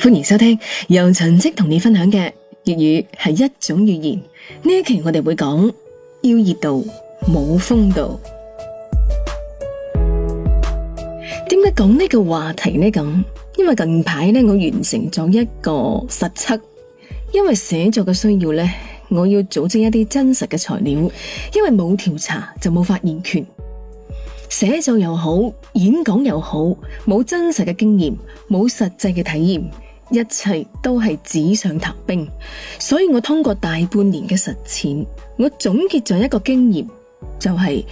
歡迎收聽，由陳迹同你分享嘅粵語係一種語言。呢一期我哋會講要熱度冇風度。點解講呢個話題呢？咁，因為近排呢，我完成咗一個實測。因為寫作嘅需要呢，我要組織一啲真實嘅材料。因為冇調查就冇發言權，寫作又好，演講又好，冇真實嘅經驗，冇實際嘅體驗。一切都係紙上談兵，所以我通過大半年嘅實踐，我總結咗一個經驗，就係、是、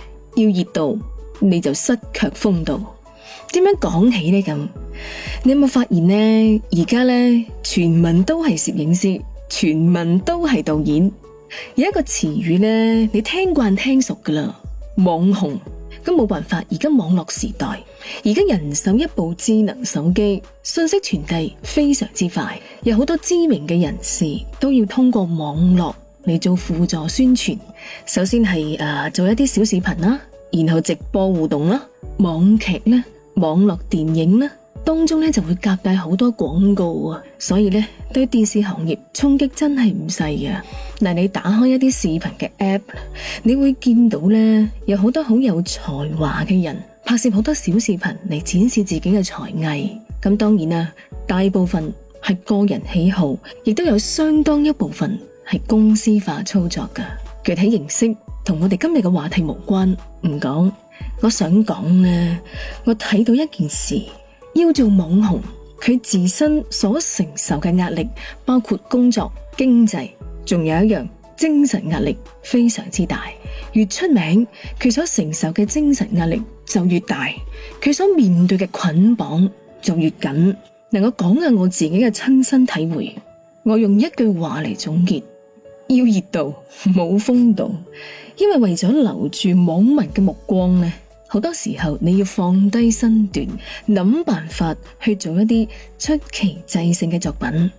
要熱度你就失卻風度。點樣講起咧咁？你有冇發現咧？而家咧，全民都係攝影師，全民都係導演，有一個詞語咧，你聽慣聽熟噶啦，網紅。都冇辦法，而家網絡時代，而家人手一部智能手機，信息傳遞非常之快，有好多知名嘅人士都要通過網絡嚟做輔助宣傳。首先係誒、呃、做一啲小視頻啦，然後直播互動啦，網劇啦，網絡電影啦。當中呢，就會夾帶好多廣告啊，所以呢，對電視行業衝擊真係唔細啊。嗱，你打開一啲視頻嘅 app，你會見到呢，有好多好有才華嘅人拍攝好多小視頻嚟展示自己嘅才藝。咁當然啦，大部分係個人喜好，亦都有相當一部分係公司化操作噶。具體形式同我哋今日嘅話題無關，唔講。我想講呢，我睇到一件事。要做網紅，佢自身所承受嘅壓力包括工作、經濟，仲有一樣精神壓力非常之大。越出名，佢所承受嘅精神壓力就越大，佢所面對嘅捆綁就越緊。嗱，我講下我自己嘅親身體會，我用一句話嚟總結：要熱度冇風度，因為為咗留住網民嘅目光呢。」好多時候你要放低身段，諗辦法去做一啲出奇制勝嘅作品。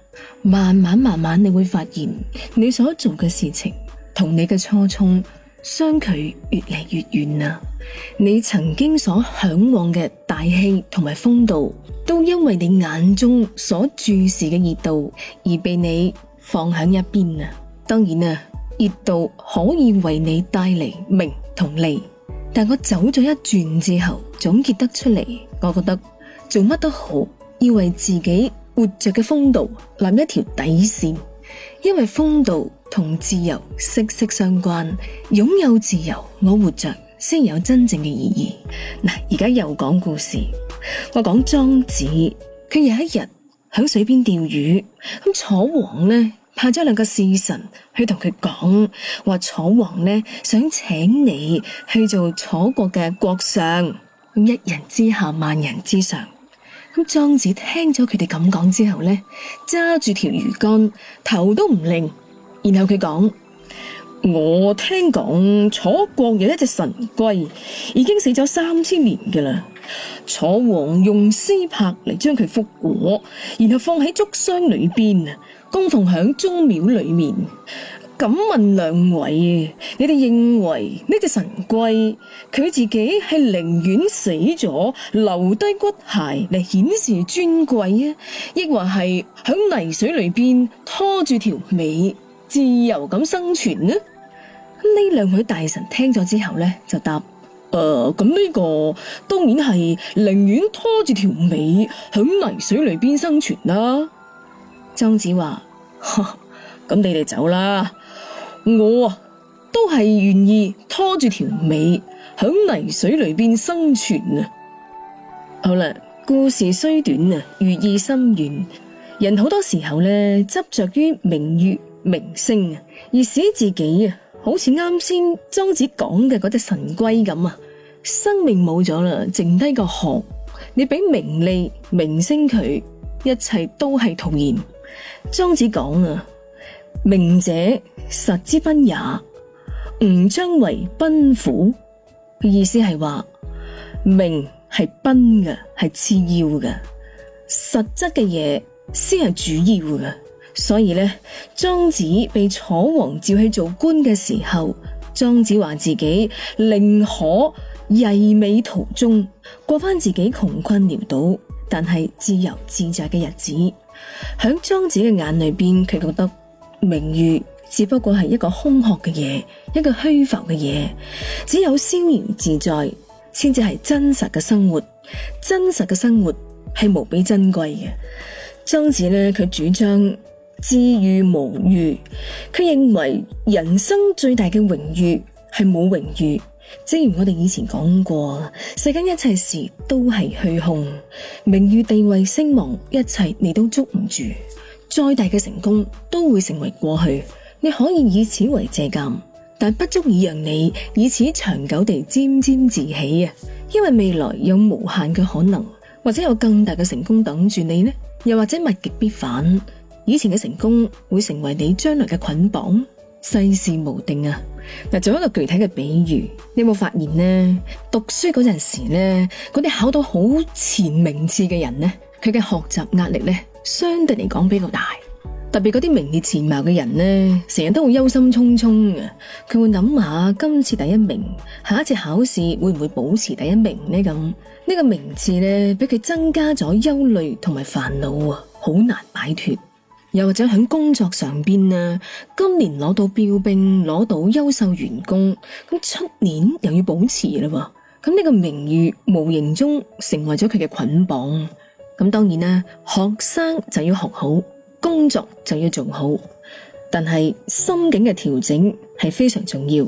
慢慢慢慢，你會發現你所做嘅事情同你嘅初衷相距越嚟越遠啦。你曾經所向往嘅大氣同埋風度，都因為你眼中所注視嘅熱度而被你放喺一邊啦。當然喇，熱度可以為你帶嚟名同利。但我走咗一轉之後，總結得出嚟，我覺得做乜都好，要為自己活着嘅風度立一條底線，因為風度同自由息息相關。擁有自由，我活着先有真正嘅意義。嗱，而家又講故事，我講莊子，佢有一日喺水邊釣魚，咁楚王呢？派咗兩個侍臣去同佢講，話楚王呢想請你去做楚國嘅國相，一人之下萬人之上。咁莊子聽咗佢哋咁講之後呢，揸住條魚竿，頭都唔擰，然後佢講：我聽講楚國有一隻神龜，已經死咗三千年㗎喇。楚王用絲柏嚟將佢覆裹，然後放喺竹箱裏邊，供奉響宗廟裏面。敢問兩位，你哋認為呢隻、這個、神龜，佢自己係寧願死咗，留低骨骸嚟顯示尊貴啊，抑或係響泥水裏邊拖住條尾，自由咁生存呢？呢兩位大臣聽咗之後呢，就答。誒，咁呢、呃這個當然係寧願拖住條尾喺泥水裏邊生存啦。莊子話：，咁你哋走啦，我啊都係願意拖住條尾喺泥水裏邊生存啊。存啊好啦，故事雖短啊，寓意深遠。人好多時候呢執着於名譽、名聲，而使自己啊。好似啱先莊子講嘅嗰隻神龜咁啊，生命冇咗啦，剩低個殼。你俾名利名聲佢，一切都係徒然。莊子講啊，名者實之賓也，吾將為賓乎？意思係話名係賓嘅，係次要嘅，實質嘅嘢先係主要嘅。所以咧，莊子被楚王召去做官嘅時候，莊子話自己寧可曳尾途中過翻自己窮困潦倒，但係自由自在嘅日子。響莊子嘅眼裏邊，佢覺得名譽只不過係一個空殼嘅嘢，一個虛浮嘅嘢。只有逍遙自在，先至係真實嘅生活。真實嘅生活係無比珍貴嘅。莊子咧，佢主張。至譽無譽，佢認為人生最大嘅榮譽係冇榮譽。正如我哋以前講過，世間一切事都係虛空，名譽、地位、聲望，一切你都捉唔住。再大嘅成功都會成為過去，你可以以此為借鑒，但不足以讓你以此長久地沾沾自喜啊！因為未來有無限嘅可能，或者有更大嘅成功等住你呢？又或者物極必反。以前嘅成功會成為你將來嘅捆綁，世事無定啊。嗱，做一個具體嘅比喻，你有冇發現呢？讀書嗰陣時呢，嗰啲考到好前名次嘅人呢，佢嘅學習壓力呢，相對嚟講比較大，特別嗰啲名列前茅嘅人呢，成日都會憂心忡忡啊。佢會諗下今次第一名，下一次考試會唔會保持第一名呢？咁呢個名次呢，俾佢增加咗憂慮同埋煩惱啊，好難擺脫。又或者喺工作上邊呢？今年攞到標兵，攞到優秀員工，咁出年又要保持啦噃。咁呢個名譽無形中成為咗佢嘅捆綁。咁當然啦，學生就要學好，工作就要做好，但係心境嘅調整係非常重要。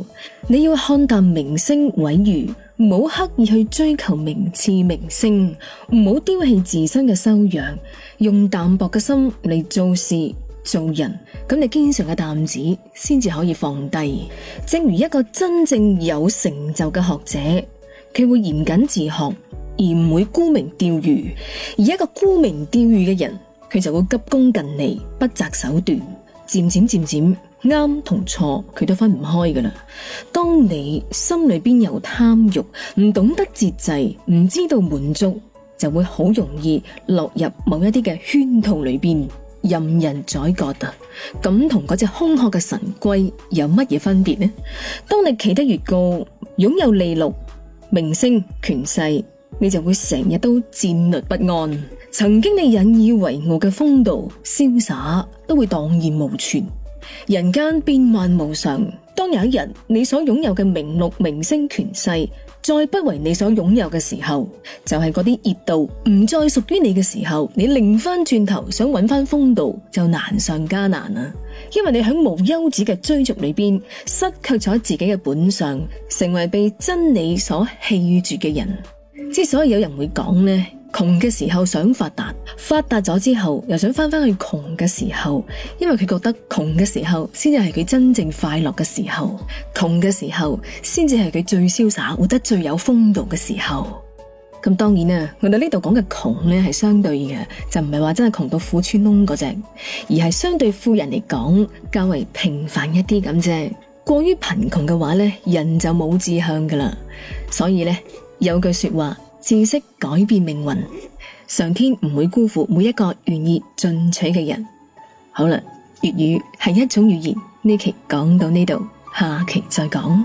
你要看淡名聲、毀譽。唔好刻意去追求名次名聲，唔好丟棄自身嘅修養，用淡薄嘅心嚟做事做人，咁你肩上嘅擔子先至可以放低。正如一個真正有成就嘅學者，佢會嚴謹自學，而唔會沽名釣譽；而一個沽名釣譽嘅人，佢就會急功近利，不擇手段，漸漸漸漸。啱同錯佢都分唔開噶啦。當你心裏邊有貪慾，唔懂得節制，唔知道滿足，就會好容易落入某一啲嘅圈套裏邊，任人宰割啊！咁同嗰隻空殼嘅神龜有乜嘢分別呢？當你企得越高，擁有利祿、名聲、權勢，你就會成日都戰慄不安。曾經你引以為傲嘅風度、瀟灑，都會蕩然無存。人間變幻無常，當有一日你所擁有嘅名祿名聲權勢再不為你所擁有嘅時候，就係嗰啲熱度唔再屬於你嘅時候，你擰翻轉頭想揾翻風度就難上加難啦，啊。因為你喺無休止嘅追逐裏邊，失卻咗自己嘅本相，成為被真理所棄住嘅人。之所以有人會講呢？窮嘅時候想發達，發達咗之後又想返返去窮嘅時候，因為佢覺得窮嘅時候先至係佢真正快樂嘅時候，窮嘅時候先至係佢最瀟灑、活得最有風度嘅時候。咁當然啊，我哋呢度講嘅窮呢係相對嘅，就唔係話真係窮到褲穿窿嗰隻，而係相對富人嚟講較為平凡一啲咁啫。過於貧窮嘅話呢，人就冇志向㗎喇。所以呢，有句說話。知識改變命運，上天唔會辜負每一個願意進取嘅人。好啦，粵語係一種語言，呢期講到呢度，下期再講。